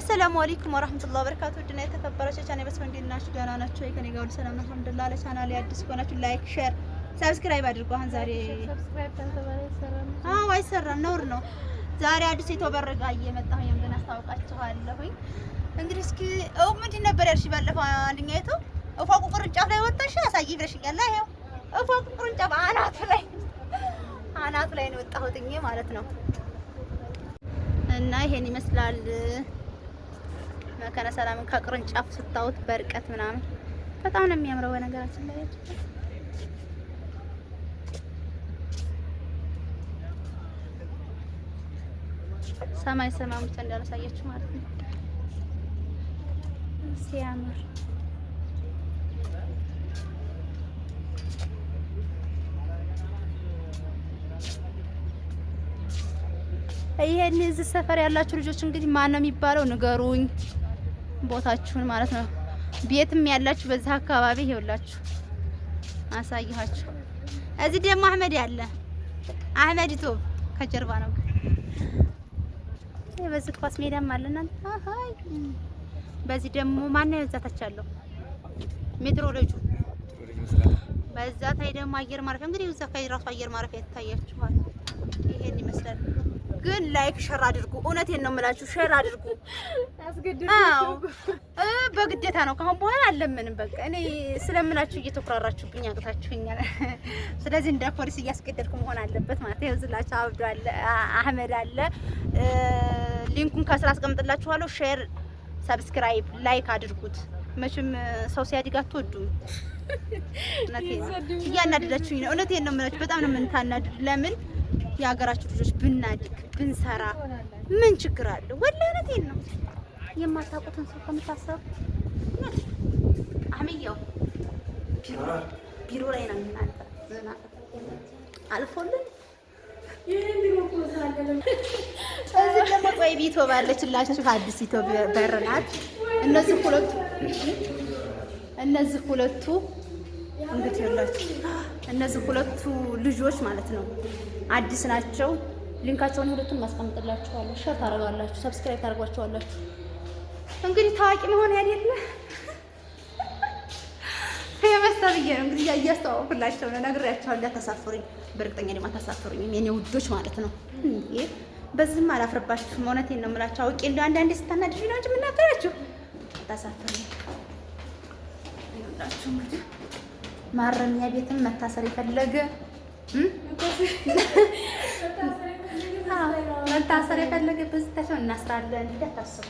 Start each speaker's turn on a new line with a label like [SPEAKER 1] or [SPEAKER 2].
[SPEAKER 1] አሰላሙ አለይኩም ወራህመቱላሂ ወበረካቱ ድና የተከበራችሁ ቻናል በሰው እንዴት ናችሁ? ደህና ናችሁ? ከኔ ጋር ሰላም አልሐምዱሊላህ። ለቻናሌ አዲስ ከሆናችሁ ላይክ፣ ሼር፣ ሰብስክራይብ አድርጉ። አሁን ዛሬ አዎ አይሰራም ነውር ነው። ዛሬ አዲስ የተበረጋ እየመጣሁ ነው ግን አስታውቃችኋለሁኝ። እንግዲህ እስኪ እው ምንድን ነበር ያልሽ ባለፈው አንደኛይቱ እፎቁ ቅርንጫፍ ላይ ወጣሽ አሳይ ብለሽኛል። ይኸው እፎቁ ቅርንጫፍ አናቱ ላይ አናቱ ላይ ነው የወጣሁትኝ ማለት ነው እና ይሄን ይመስላል። መከነ ሰላምን ከቅርንጫፍ ስታዩት በርቀት ምናምን በጣም ነው የሚያምረው። በነገራችን ላይ ሰማይ ሰማይ ብቻ እንዳላሳያችሁ ማለት ነው። ሲያምር ይሄን እዚህ ሰፈር ያላችሁ ልጆች እንግዲህ ማን ነው የሚባለው? ንገሩኝ። ቦታችሁን ማለት ነው። ቤትም ያላችሁ በዛ አካባቢ ይኸውላችሁ አሳይኋችሁ። እዚህ ደግሞ አህመድ ያለ አህመድ ቶ ከጀርባ ነው። በዚህ ኳስ ሜዳም አለና አይ በዚህ ደግሞ ማን ነው እዛታች አለው ሜትሮሎጂ በዛ ታይ ደግሞ አየር ማረፊያ እንግዲህ እዛ ራሱ አየር ማረፊያ ይታያችኋል። ይሄን ይመስላል። ግን ላይክ ሸር አድርጉ። እውነቴን ነው የምላችሁ፣ ሸር አድርጉ። አስገድዱ በግዴታ ነው። ካሁን በኋላ አለምንም። በቃ እኔ ስለምናችሁ እየተኩራራችሁብኝ አቅታችሁኛል። ስለዚህ እንደ ፖሊስ እያስገደድኩ መሆን አለበት ማለት ነው። ዝላችሁ አብዱ አለ፣ አህመድ አለ። ሊንኩን ከስራ አስቀምጥላችኋለሁ። ሼር፣ ሰብስክራይብ፣ ላይክ አድርጉት። መቼም ሰው ሲያድግ አትወዱም። እውነቴን እያናደዳችሁኝ ነው። እውነቴን ነው የምላችሁ፣ በጣም ነው የምንታናድድ ለምን የሀገራችን ልጆች ብናድግ ብንሰራ ምን ችግር አለ? ወላሂ እውነቴን ነው። የማታውቁትን ሰው ከምታሰሩ አህምዬው ቢሮ ላይ ነው እናንተ ዘና አልፎልን እዚህ ደግሞ ቆይ ቢቶ ባለችላችሁ አዲስ ኢትዮ በር ናት። እነዚህ ሁለቱ እነዚህ ሁለቱ እንግዲህ ያላችሁ እነዚህ ሁለቱ ልጆች ማለት ነው አዲስ ናቸው። ሊንካቸውን ሁለቱን ማስቀምጥላችኋለሁ። ሸር ታደርጋላችሁ፣ ሰብስክራይብ ታደርጓቸዋላችሁ። እንግዲህ ታዋቂ መሆን ያሌለ የመሰብዬ ነው እንግዲህ እያስተዋወኩላቸው ነው። ነግሬያቸዋለሁ፣ በእርግጠኛ ደግሞ አታሳፍሩኝም የኔ ውዶች ማለት ነው። በዚህም አላፍርባችሁም። እውነቴን ነው የምላቸው። አውቄ እንደው አንዳንዴ ነው እንጂ የምናገራችሁ። አታሳፍሩኝ። እንግዲህ ማረሚያ ቤትም መታሰር የፈለገ መታሰር የፈለገ በዝታቸው እናስራለን እንዳታስቡ።